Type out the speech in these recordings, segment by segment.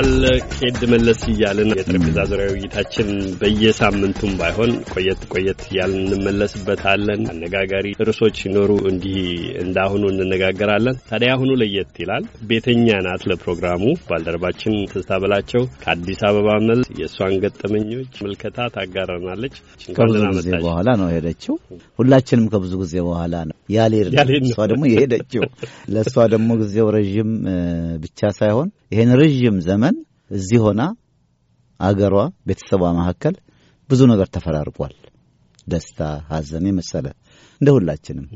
ይቀጥላል። ኬድ መለስ እያልን የጠረጴዛ ዙሪያ ውይይታችን በየሳምንቱም ባይሆን ቆየት ቆየት እያልን እንመለስበታለን። አነጋጋሪ ርዕሶች ሲኖሩ እንዲህ እንዳሁኑ እንነጋገራለን። ታዲያ አሁኑ ለየት ይላል። ቤተኛ ናት ለፕሮግራሙ ባልደረባችን ትዝታ በላቸው ከአዲስ አበባ መልስ የእሷን ገጠመኞች ምልከታ ታጋራናለች። ከብዙ ጊዜ በኋላ ነው የሄደችው። ሁላችንም ከብዙ ጊዜ በኋላ ነው ያሌር እሷ ደግሞ የሄደችው ለእሷ ደግሞ ጊዜው ረዥም ብቻ ሳይሆን ይህን ረዥም ዘመን እዚህ ሆና አገሯ ቤተሰቧ መካከል ብዙ ነገር ተፈራርቋል። ደስታ፣ ሀዘን የመሰለ እንደ ሁላችንም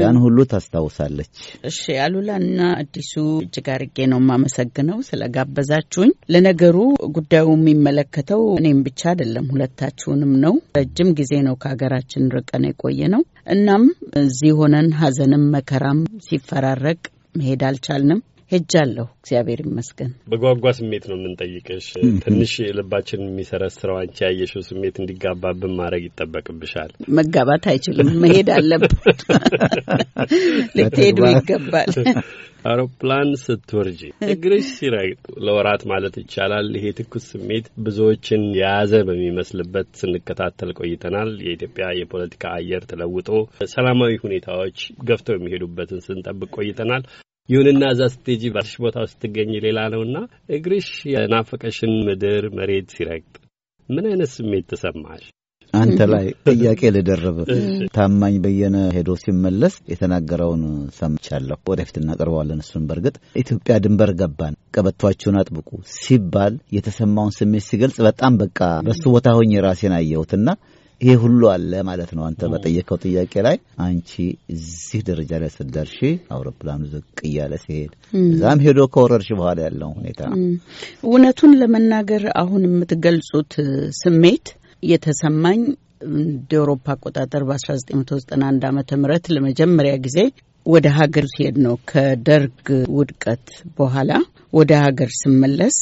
ያን ሁሉ ታስታውሳለች። እሺ አሉላና አዲሱ እጅግ አርጌ ነው የማመሰግነው ስለጋበዛችሁኝ። ለነገሩ ጉዳዩ የሚመለከተው እኔም ብቻ አይደለም ሁለታችሁንም ነው። ረጅም ጊዜ ነው ከሀገራችን ርቀን የቆየ ነው። እናም እዚህ ሆነን ሀዘንም መከራም ሲፈራረቅ መሄድ አልቻልንም። ሄጃለሁ። እግዚአብሔር ይመስገን። በጓጓ ስሜት ነው የምንጠይቅሽ። ትንሽ ልባችን የሚሰረስረው አንቺ ያየሽው ስሜት እንዲጋባብን ማድረግ ይጠበቅብሻል። መጋባት አይችልም፣ መሄድ አለበት። ልትሄዱ ይገባል። አውሮፕላን ስትወርጂ እግርሽ ሲረግጥ ለወራት ማለት ይቻላል ይሄ ትኩስ ስሜት ብዙዎችን የያዘ በሚመስልበት ስንከታተል ቆይተናል። የኢትዮጵያ የፖለቲካ አየር ተለውጦ ሰላማዊ ሁኔታዎች ገፍተው የሚሄዱበትን ስንጠብቅ ቆይተናል። ይሁንና እዛ ስትሄጂ ባለሽ ቦታ ስትገኝ ሌላ ነውና እግርሽ የናፈቀሽን ምድር መሬት ሲረግጥ ምን አይነት ስሜት ተሰማሽ? አንተ ላይ ጥያቄ ልደርብ። ታማኝ በየነ ሄዶ ሲመለስ የተናገረውን ሰምቻለሁ። ወደፊት እናቀርበዋለን እሱን። በእርግጥ ኢትዮጵያ ድንበር ገባን፣ ቀበቷችሁን አጥብቁ ሲባል የተሰማውን ስሜት ሲገልጽ በጣም በቃ በሱ ቦታ ሆኜ ራሴን አየሁትና ይሄ ሁሉ አለ ማለት ነው። አንተ በጠየቀው ጥያቄ ላይ አንቺ እዚህ ደረጃ ላይ ስትደርሺ አውሮፕላኑ ዝቅ እያለ ሲሄድ እዛም ሄዶ ከወረርሽ በኋላ ያለው ሁኔታ እውነቱን ለመናገር አሁን የምትገልጹት ስሜት የተሰማኝ እንደ አውሮፓ አቆጣጠር በ1991 ዓ ም ለመጀመሪያ ጊዜ ወደ ሀገር ሲሄድ ነው። ከደርግ ውድቀት በኋላ ወደ ሀገር ስመለስ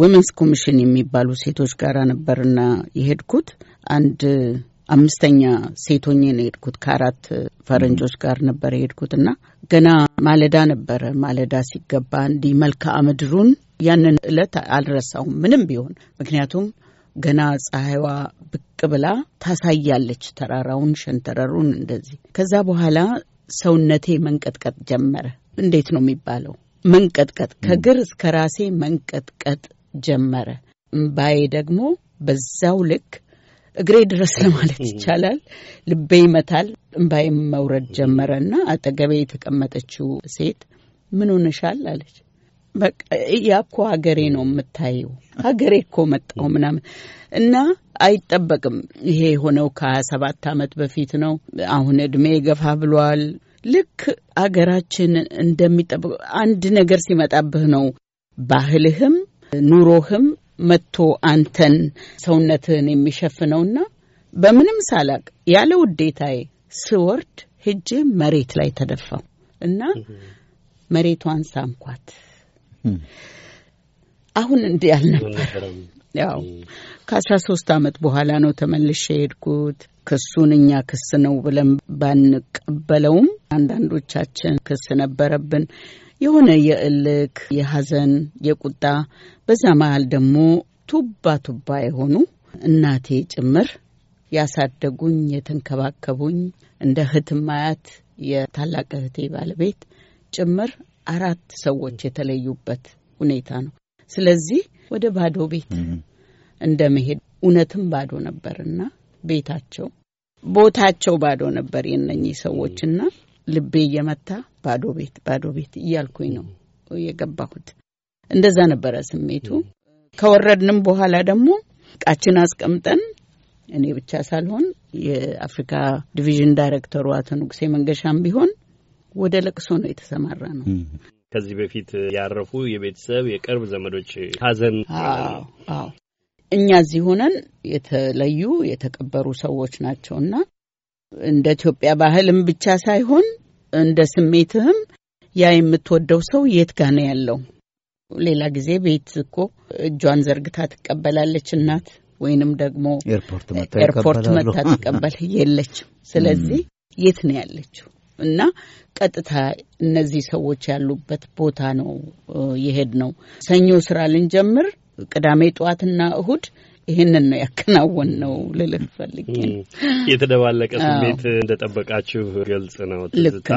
ወመንስ ኮሚሽን የሚባሉ ሴቶች ጋር ነበርና የሄድኩት አንድ አምስተኛ ሴቶኝ ነው የሄድኩት። ከአራት ፈረንጆች ጋር ነበር የሄድኩት እና ገና ማለዳ ነበረ። ማለዳ ሲገባ እንዲህ መልክዓ ምድሩን ያንን እለት አልረሳውም ምንም ቢሆን ምክንያቱም ገና ፀሐይዋ ብቅ ብላ ታሳያለች ተራራውን፣ ሸንተረሩን እንደዚህ። ከዛ በኋላ ሰውነቴ መንቀጥቀጥ ጀመረ። እንዴት ነው የሚባለው? መንቀጥቀጥ ከግር እስከ ራሴ መንቀጥቀጥ ጀመረ። እምባዬ ደግሞ በዛው ልክ እግሬ ድረስ ለማለት ይቻላል። ልቤ ይመታል፣ እምባዬም መውረድ ጀመረ እና አጠገቤ የተቀመጠችው ሴት ምን ሆነሻል አለች። በቃ ያ እኮ ሀገሬ ነው የምታየው፣ ሀገሬ እኮ መጣው ምናምን እና አይጠበቅም። ይሄ የሆነው ከሀያ ሰባት ዓመት በፊት ነው። አሁን እድሜ ገፋ ብሏል። ልክ አገራችን እንደሚጠብቅ አንድ ነገር ሲመጣብህ ነው ባህልህም ኑሮህም መጥቶ አንተን ሰውነትህን የሚሸፍነውና በምንም ሳላቅ ያለ ውዴታዬ ስወርድ ሄጄ መሬት ላይ ተደፋው እና መሬቷን ሳምኳት። አሁን እንዲህ አልነበር። ያው ከአስራ ሶስት አመት በኋላ ነው ተመልሼ የሄድኩት። ክሱን እኛ ክስ ነው ብለን ባንቀበለውም አንዳንዶቻችን ክስ ነበረብን። የሆነ የእልክ የሐዘን የቁጣ በዛ መሀል ደግሞ ቱባ ቱባ የሆኑ እናቴ ጭምር ያሳደጉኝ የተንከባከቡኝ እንደ ህትማያት አያት የታላቅ እህቴ ባለቤት ጭምር አራት ሰዎች የተለዩበት ሁኔታ ነው። ስለዚህ ወደ ባዶ ቤት እንደ መሄድ እውነትም ባዶ ነበርና ቤታቸው ቦታቸው ባዶ ነበር የነኚህ ሰዎችና ልቤ እየመታ ባዶ ቤት ባዶ ቤት እያልኩኝ ነው የገባሁት። እንደዛ ነበረ ስሜቱ። ከወረድንም በኋላ ደግሞ እቃችን አስቀምጠን እኔ ብቻ ሳልሆን የአፍሪካ ዲቪዥን ዳይሬክተሩ አቶ ንጉሴ መንገሻም ቢሆን ወደ ለቅሶ ነው የተሰማራ ነው። ከዚህ በፊት ያረፉ የቤተሰብ የቅርብ ዘመዶች ሀዘን። አዎ እኛ እዚህ ሆነን የተለዩ የተቀበሩ ሰዎች ናቸው እና እንደ ኢትዮጵያ ባህልም ብቻ ሳይሆን እንደ ስሜትህም ያ የምትወደው ሰው የት ጋ ነው ያለው? ሌላ ጊዜ ቤት እኮ እጇን ዘርግታ ትቀበላለች እናት፣ ወይንም ደግሞ ኤርፖርት መታ ትቀበል የለችም። ስለዚህ የት ነው ያለችው? እና ቀጥታ እነዚህ ሰዎች ያሉበት ቦታ ነው የሄድ ነው። ሰኞ ስራ ልንጀምር ቅዳሜ ጠዋትና እሁድ ይህንን ነው ያከናወን ነው ልልህ ፈልጌ የተደባለቀ ስሜት እንደጠበቃችሁ ግልጽ ነው። ትዝታ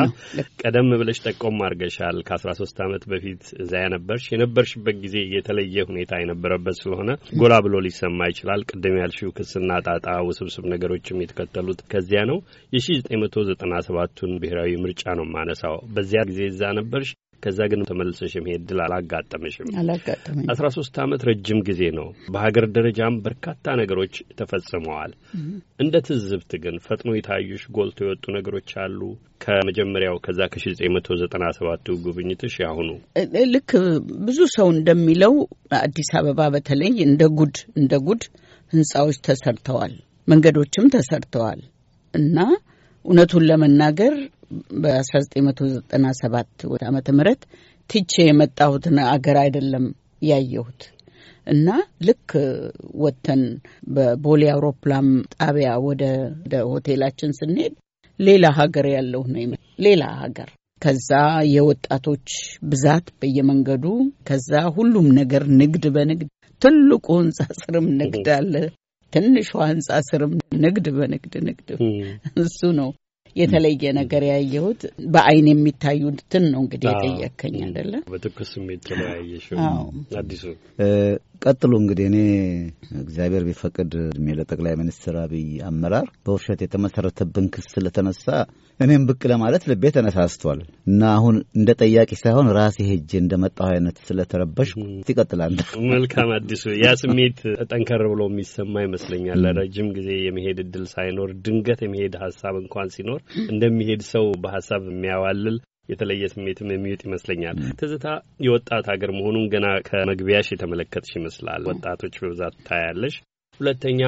ቀደም ብለሽ ጠቆም አድርገሻል። ከአስራ ሶስት ዓመት በፊት እዛ ያነበርሽ የነበርሽበት ጊዜ የተለየ ሁኔታ የነበረበት ስለሆነ ጎላ ብሎ ሊሰማ ይችላል። ቅድም ያልሽው ክስና ጣጣ ውስብስብ ነገሮችም የተከተሉት ከዚያ ነው። የሺ ዘጠኝ መቶ ዘጠና ሰባቱን ብሔራዊ ምርጫ ነው ማነሳው። በዚያ ጊዜ እዛ ነበርሽ። ከዛ ግን ተመልሰሽ የመሄድ ድል አላጋጠመሽም። አላጋጠመኝ። አስራ ሶስት አመት ረጅም ጊዜ ነው። በሀገር ደረጃም በርካታ ነገሮች ተፈጽመዋል። እንደ ትዝብት ግን ፈጥኖ የታዩሽ ጎልቶ የወጡ ነገሮች አሉ ከመጀመሪያው ከዛ ከሺ ዘጠኝ መቶ ዘጠና 1997 ጉብኝትሽ ያሁኑ ልክ ብዙ ሰው እንደሚለው አዲስ አበባ በተለይ እንደ ጉድ እንደ ጉድ ህንጻዎች ተሰርተዋል፣ መንገዶችም ተሰርተዋል እና እውነቱን ለመናገር በ1997 ዓመተ ምህረት ትቼ የመጣሁትን አገር አይደለም ያየሁት እና ልክ ወጥተን በቦሌ አውሮፕላን ጣቢያ ወደ ሆቴላችን ስንሄድ ሌላ ሀገር ያለው ነው። ሌላ ሀገር ከዛ የወጣቶች ብዛት በየመንገዱ ከዛ ሁሉም ነገር ንግድ በንግድ ትልቁ ህንጻ ስርም ንግድ አለ። ትንሿ ህንፃ ስርም ንግድ በንግድ ንግድ እሱ ነው የተለየ ነገር ያየሁት። በአይን የሚታዩትን ነው እንግዲህ የጠየከኝ አይደለም። በትኩስ ስሜት ተለያየሽ። አዲሱ ቀጥሎ እንግዲህ እኔ እግዚአብሔር ቢፈቅድ እድሜ ለጠቅላይ ሚኒስትር አብይ አመራር በውሸት የተመሰረተብን ክስ ስለተነሳ እኔም ብቅ ለማለት ልቤ ተነሳስቷል እና አሁን እንደ ጠያቂ ሳይሆን ራሴ ሄጄ እንደመጣሁ አይነት ስለተረበሽ ይቀጥላል። መልካም አዲሱ፣ ያ ስሜት ጠንከር ብሎ የሚሰማ ይመስለኛል። ለረጅም ጊዜ የመሄድ እድል ሳይኖር ድንገት የመሄድ ሀሳብ እንኳን ሲኖር እንደሚሄድ ሰው በሀሳብ የሚያዋልል የተለየ ስሜትም የሚውጥ ይመስለኛል። ትዝታ የወጣት ሀገር መሆኑን ገና ከመግቢያሽ የተመለከትሽ ይመስላል። ወጣቶች በብዛት ታያለሽ። ሁለተኛ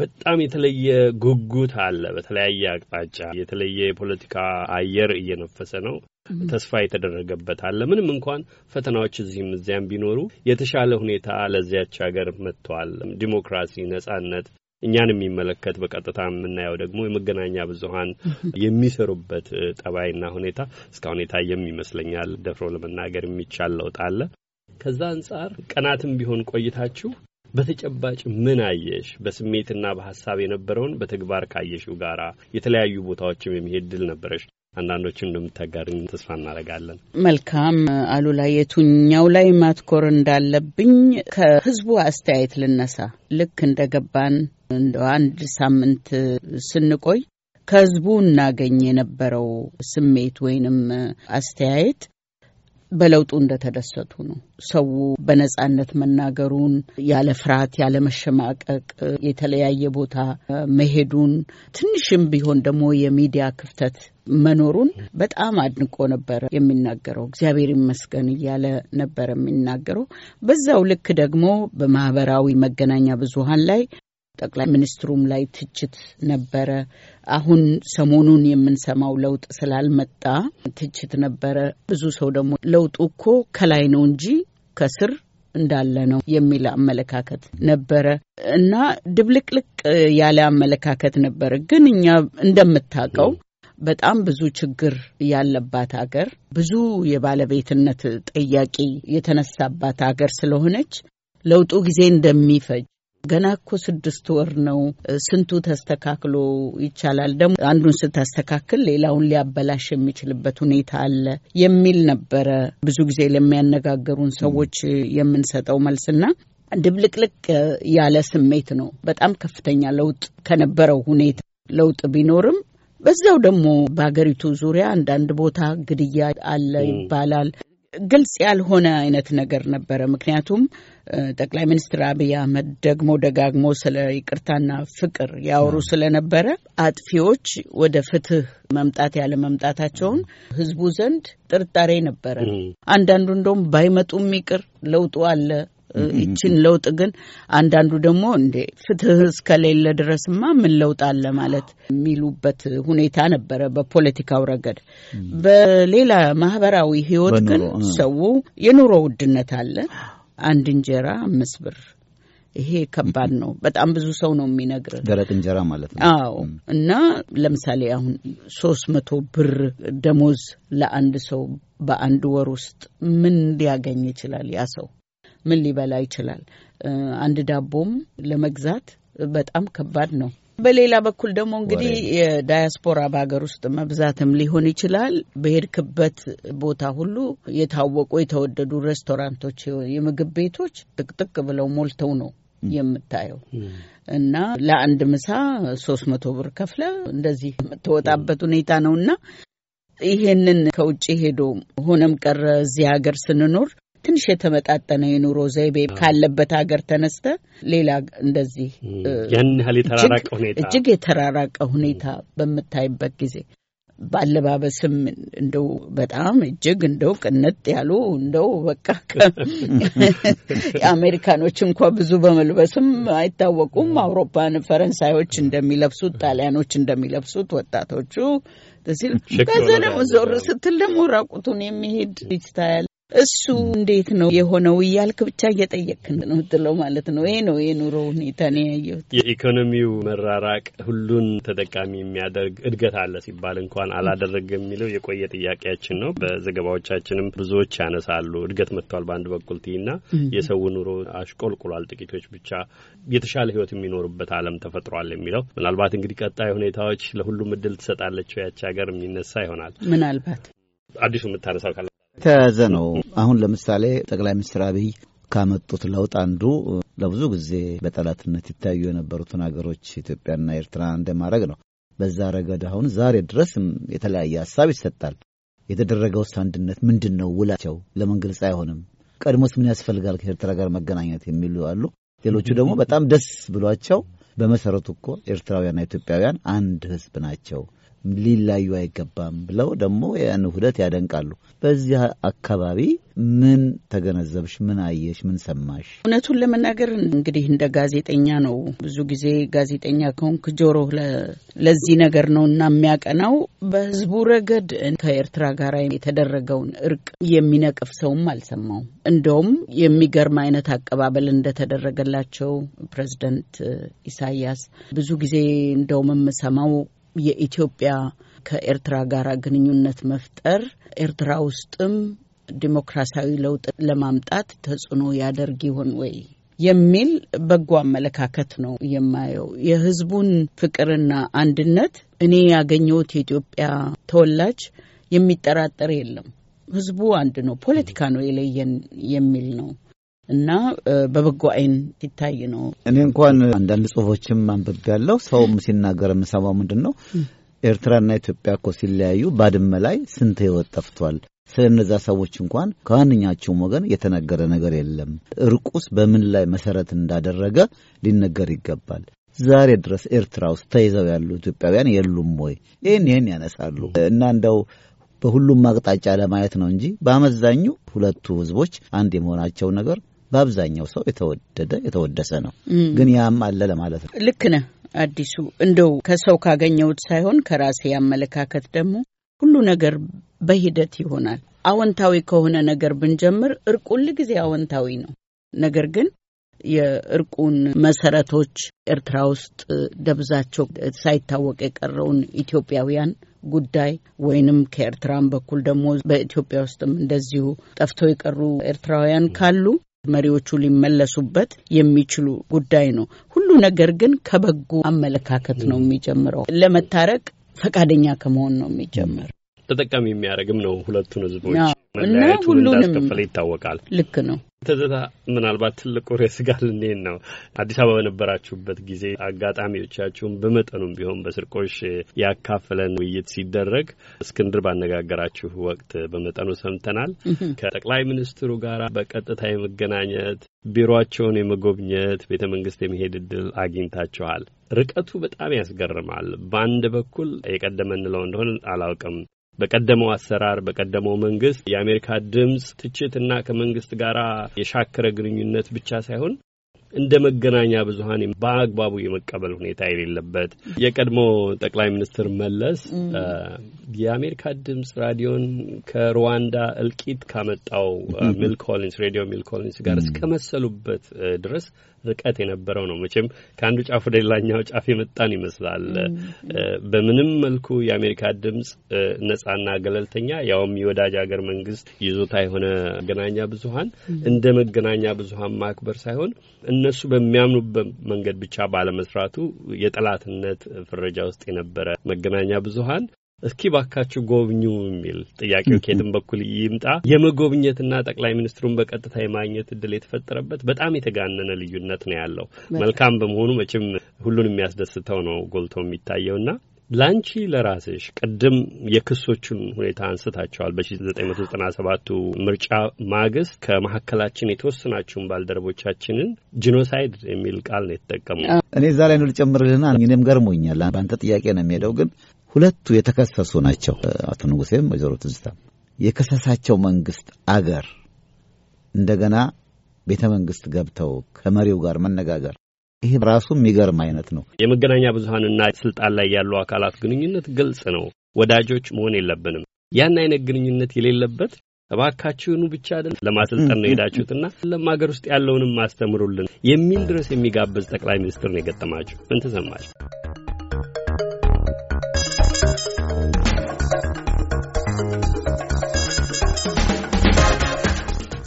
በጣም የተለየ ጉጉት አለ። በተለያየ አቅጣጫ የተለየ የፖለቲካ አየር እየነፈሰ ነው። ተስፋ የተደረገበት አለ። ምንም እንኳን ፈተናዎች እዚህም እዚያም ቢኖሩ የተሻለ ሁኔታ ለዚያች ሀገር መጥተዋል። ዲሞክራሲ፣ ነጻነት፣ እኛን የሚመለከት በቀጥታ የምናየው ደግሞ የመገናኛ ብዙኃን የሚሰሩበት ጠባይና ሁኔታ እስከ ሁኔታ የሚመስለኛል ደፍሮ ለመናገር የሚቻል ለውጥ አለ። ከዛ አንጻር ቀናትም ቢሆን ቆይታችሁ በተጨባጭ ምን አየሽ? በስሜትና በሀሳብ የነበረውን በተግባር ካየሽው ጋራ የተለያዩ ቦታዎችም የሚሄድ ድል ነበረሽ። አንዳንዶችን እንደምታጋርኝ ተስፋ እናደርጋለን። መልካም አሉላ፣ የቱኛው ላይ ማትኮር እንዳለብኝ ከህዝቡ አስተያየት ልነሳ። ልክ እንደ ገባን እንደ አንድ ሳምንት ስንቆይ ከህዝቡ እናገኝ የነበረው ስሜት ወይንም አስተያየት በለውጡ እንደተደሰቱ ነው። ሰው በነጻነት መናገሩን ያለ ፍርሃት ያለ መሸማቀቅ የተለያየ ቦታ መሄዱን ትንሽም ቢሆን ደግሞ የሚዲያ ክፍተት መኖሩን በጣም አድንቆ ነበረ የሚናገረው። እግዚአብሔር ይመስገን እያለ ነበረ የሚናገረው። በዛው ልክ ደግሞ በማህበራዊ መገናኛ ብዙሃን ላይ ጠቅላይ ሚኒስትሩም ላይ ትችት ነበረ። አሁን ሰሞኑን የምንሰማው ለውጥ ስላልመጣ ትችት ነበረ። ብዙ ሰው ደግሞ ለውጡ እኮ ከላይ ነው እንጂ ከስር እንዳለ ነው የሚል አመለካከት ነበረ እና ድብልቅልቅ ያለ አመለካከት ነበረ። ግን እኛ እንደምታውቀው በጣም ብዙ ችግር ያለባት አገር፣ ብዙ የባለቤትነት ጥያቄ የተነሳባት አገር ስለሆነች ለውጡ ጊዜ እንደሚፈጅ ገና እኮ ስድስት ወር ነው፣ ስንቱ ተስተካክሎ ይቻላል፣ ደግሞ አንዱን ስታስተካክል ሌላውን ሊያበላሽ የሚችልበት ሁኔታ አለ የሚል ነበረ ብዙ ጊዜ ለሚያነጋገሩን ሰዎች የምንሰጠው መልስና ድብልቅልቅ ያለ ስሜት ነው። በጣም ከፍተኛ ለውጥ ከነበረው ሁኔታ ለውጥ ቢኖርም በዛው ደግሞ በሀገሪቱ ዙሪያ አንዳንድ ቦታ ግድያ አለ ይባላል። ግልጽ ያልሆነ አይነት ነገር ነበረ። ምክንያቱም ጠቅላይ ሚኒስትር አብይ አህመድ ደግሞ ደጋግሞ ስለ ይቅርታና ፍቅር ያወሩ ስለነበረ አጥፊዎች ወደ ፍትህ መምጣት ያለ መምጣታቸውን ህዝቡ ዘንድ ጥርጣሬ ነበረ። አንዳንዱ እንደውም ባይመጡም ይቅር ለውጡ አለ ይችን ለውጥ ግን አንዳንዱ ደግሞ እንዴ ፍትህ እስከሌለ ድረስማ ምን ለውጥ አለ ማለት የሚሉበት ሁኔታ ነበረ፣ በፖለቲካው ረገድ። በሌላ ማህበራዊ ህይወት ግን ሰው የኑሮ ውድነት አለ። አንድ እንጀራ አምስት ብር ይሄ ከባድ ነው። በጣም ብዙ ሰው ነው የሚነግር ደረቅ እንጀራ ማለት ነው። አዎ። እና ለምሳሌ አሁን ሶስት መቶ ብር ደሞዝ ለአንድ ሰው በአንድ ወር ውስጥ ምን ሊያገኝ ይችላል? ያ ሰው ምን ሊበላ ይችላል? አንድ ዳቦም ለመግዛት በጣም ከባድ ነው። በሌላ በኩል ደግሞ እንግዲህ የዳያስፖራ በሀገር ውስጥ መብዛትም ሊሆን ይችላል። በሄድክበት ቦታ ሁሉ የታወቁ የተወደዱ ሬስቶራንቶች፣ የምግብ ቤቶች ጥቅጥቅ ብለው ሞልተው ነው የምታየው እና ለአንድ ምሳ ሶስት መቶ ብር ከፍለ እንደዚህ የምትወጣበት ሁኔታ ነው እና ይሄንን ከውጭ ሄዶ ሆነም ቀረ እዚህ ሀገር ስንኖር ትንሽ የተመጣጠነ የኑሮ ዘይቤ ካለበት ሀገር ተነስተ ሌላ እንደዚህ እጅግ የተራራቀ ሁኔታ በምታይበት ጊዜ ባለባበስም እንደው በጣም እጅግ እንደው ቅንጥ ያሉ እንደው በቃ የአሜሪካኖች እንኳ ብዙ በመልበስም አይታወቁም። አውሮፓን ፈረንሳዮች እንደሚለብሱት፣ ጣሊያኖች እንደሚለብሱት ወጣቶቹ ሲል ከዛ ደግሞ ዞር ስትል ደግሞ ራቁቱን የሚሄድ ልጅ እሱ እንዴት ነው የሆነው እያልክ ብቻ እየጠየቅ ነው ትለው ማለት ነው። ይሄ ነው የኑሮ ሁኔታ ነው ያየሁት። የኢኮኖሚው መራራቅ ሁሉን ተጠቃሚ የሚያደርግ እድገት አለ ሲባል እንኳን አላደረገ የሚለው የቆየ ጥያቄያችን ነው። በዘገባዎቻችንም ብዙዎች ያነሳሉ። እድገት መጥቷል በአንድ በኩል ትይና የሰው ኑሮ አሽቆልቁሏል፣ ጥቂቶች ብቻ የተሻለ ህይወት የሚኖሩበት አለም ተፈጥሯል የሚለው ምናልባት እንግዲህ ቀጣይ ሁኔታዎች ለሁሉም እድል ትሰጣለችው ያች ሀገር የሚነሳ ይሆናል ምናልባት አዲሱ የምታነሳው ካለ የተያያዘ ነው። አሁን ለምሳሌ ጠቅላይ ሚኒስትር አብይ ካመጡት ለውጥ አንዱ ለብዙ ጊዜ በጠላትነት ይታዩ የነበሩትን ሀገሮች ኢትዮጵያና ኤርትራ እንደማድረግ ነው። በዛ ረገድ አሁን ዛሬ ድረስ የተለያየ ሀሳብ ይሰጣል። የተደረገውስ አንድነት ምንድን ነው? ውላቸው ለምን ግልጽ አይሆንም? ቀድሞስ ምን ያስፈልጋል ከኤርትራ ጋር መገናኘት የሚሉ አሉ። ሌሎቹ ደግሞ በጣም ደስ ብሏቸው በመሰረቱ እኮ ኤርትራውያንና ኢትዮጵያውያን አንድ ህዝብ ናቸው ሊላዩ አይገባም ብለው ደግሞ ያን ውህደት ያደንቃሉ። በዚህ አካባቢ ምን ተገነዘብሽ? ምን አየሽ? ምን ሰማሽ? እውነቱን ለመናገር እንግዲህ እንደ ጋዜጠኛ ነው። ብዙ ጊዜ ጋዜጠኛ ከሆንክ ጆሮ ለዚህ ነገር ነው እና የሚያቀናው። በህዝቡ ረገድ ከኤርትራ ጋር የተደረገውን እርቅ የሚነቅፍ ሰውም አልሰማውም። እንደውም የሚገርም አይነት አቀባበል እንደተደረገላቸው ፕሬዚደንት ኢሳያስ ብዙ ጊዜ እንደውም የምሰማው የኢትዮጵያ ከኤርትራ ጋር ግንኙነት መፍጠር ኤርትራ ውስጥም ዲሞክራሲያዊ ለውጥ ለማምጣት ተጽዕኖ ያደርግ ይሆን ወይ የሚል በጎ አመለካከት ነው የማየው። የህዝቡን ፍቅርና አንድነት እኔ ያገኘሁት የኢትዮጵያ ተወላጅ የሚጠራጠር የለም። ህዝቡ አንድ ነው፣ ፖለቲካ ነው የለየን የሚል ነው። እና በበጎ አይን ሲታይ ነው። እኔ እንኳን አንዳንድ ጽሁፎችም አንብቤ ያለው ሰውም ሲናገር የምሰማው ምንድን ነው ኤርትራና ኢትዮጵያ እኮ ሲለያዩ ባድመ ላይ ስንት ህይወት ጠፍቷል። ስለ እነዛ ሰዎች እንኳን ከዋነኛቸውም ወገን የተነገረ ነገር የለም። እርቁስ በምን ላይ መሰረት እንዳደረገ ሊነገር ይገባል። ዛሬ ድረስ ኤርትራ ውስጥ ተይዘው ያሉ ኢትዮጵያውያን የሉም ወይ? ይህን ይህን ያነሳሉ እና እንደው በሁሉም አቅጣጫ ለማየት ነው እንጂ በአመዛኙ ሁለቱ ህዝቦች አንድ የመሆናቸው ነገር በአብዛኛው ሰው የተወደደ የተወደሰ ነው። ግን ያም አለ ለማለት ነው። ልክ ነህ አዲሱ። እንደው ከሰው ካገኘሁት ሳይሆን ከራሴ አመለካከት ደግሞ ሁሉ ነገር በሂደት ይሆናል። አዎንታዊ ከሆነ ነገር ብንጀምር እርቁ ጊዜ አዎንታዊ ነው። ነገር ግን የእርቁን መሰረቶች ኤርትራ ውስጥ ደብዛቸው ሳይታወቅ የቀረውን ኢትዮጵያውያን ጉዳይ ወይንም ከኤርትራም በኩል ደግሞ በኢትዮጵያ ውስጥም እንደዚሁ ጠፍተው የቀሩ ኤርትራውያን ካሉ መሪዎቹ ሊመለሱበት የሚችሉ ጉዳይ ነው። ሁሉ ነገር ግን ከበጎ አመለካከት ነው የሚጀምረው። ለመታረቅ ፈቃደኛ ከመሆን ነው የሚጀምረው። ተጠቃሚ የሚያደርግም ነው ሁለቱን ህዝቦች መለያየቱ እንዳስከፈለ ይታወቃል። ልክ ነው። ትዝታ ምናልባት ትልቁ ርዕስ ጋር ልንሄድ ነው። አዲስ አበባ በነበራችሁበት ጊዜ አጋጣሚዎቻችሁን በመጠኑም ቢሆን በስርቆሽ ያካፍለን ውይይት ሲደረግ እስክንድር ባነጋገራችሁ ወቅት በመጠኑ ሰምተናል። ከጠቅላይ ሚኒስትሩ ጋር በቀጥታ የመገናኘት ቢሮቸውን የመጎብኘት ቤተ መንግስት የመሄድ እድል አግኝታችኋል። ርቀቱ በጣም ያስገርማል። በአንድ በኩል የቀደመ እንለው እንደሆነ አላውቅም በቀደመው አሰራር በቀደመው መንግስት የአሜሪካ ድምፅ ትችትና ከመንግስት ጋር የሻከረ ግንኙነት ብቻ ሳይሆን እንደ መገናኛ ብዙኃን በአግባቡ የመቀበል ሁኔታ የሌለበት የቀድሞ ጠቅላይ ሚኒስትር መለስ የአሜሪካ ድምፅ ራዲዮን ከሩዋንዳ እልቂት ካመጣው ሚል ኮሊንስ ሬዲዮ ሚል ኮሊንስ ጋር እስከመሰሉበት ድረስ ርቀት የነበረው ነው። መቼም ከአንዱ ጫፍ ወደ ሌላኛው ጫፍ የመጣን ይመስላል። በምንም መልኩ የአሜሪካ ድምጽ ነጻና ገለልተኛ ያውም የወዳጅ ሀገር መንግስት ይዞታ የሆነ መገናኛ ብዙኃን እንደ መገናኛ ብዙኃን ማክበር ሳይሆን እነሱ በሚያምኑበት መንገድ ብቻ ባለመስራቱ የጠላትነት ፍረጃ ውስጥ የነበረ መገናኛ ብዙሀን እስኪ ባካችሁ ጎብኙ የሚል ጥያቄው ከየትም በኩል ይምጣ የመጎብኘትና ጠቅላይ ሚኒስትሩን በቀጥታ የማግኘት እድል የተፈጠረበት በጣም የተጋነነ ልዩነት ነው ያለው። መልካም በመሆኑ መቼም ሁሉን የሚያስደስተው ነው ጎልቶ የሚታየውና ላንቺ ለራስሽ ቅድም የክሶቹን ሁኔታ አንስታቸዋል። በ1997ቱ ምርጫ ማግስት ከመካከላችን የተወሰናችሁን ባልደረቦቻችንን ጂኖሳይድ የሚል ቃል ነው የተጠቀሙ። እኔ እዛ ላይ ነው ልጨምርልና እኔም ገርሞኛል። በአንተ ጥያቄ ነው የሚሄደው፣ ግን ሁለቱ የተከሰሱ ናቸው። አቶ ንጉሴም ወይዘሮ ትዝታ የከሰሳቸው መንግስት አገር እንደገና ቤተ መንግስት ገብተው ከመሪው ጋር መነጋገር ይህ ራሱ የሚገርም አይነት ነው። የመገናኛ ብዙሀንና ስልጣን ላይ ያሉ አካላት ግንኙነት ግልጽ ነው። ወዳጆች መሆን የለብንም። ያን አይነት ግንኙነት የሌለበት እባካችሁኑ ብቻ አይደል ለማሰልጠን ነው ሄዳችሁትና ለም ሀገር ውስጥ ያለውንም ማስተምሩልን የሚል ድረስ የሚጋብዝ ጠቅላይ ሚኒስትር ነው የገጠማችሁ። ምን ተሰማችሁ?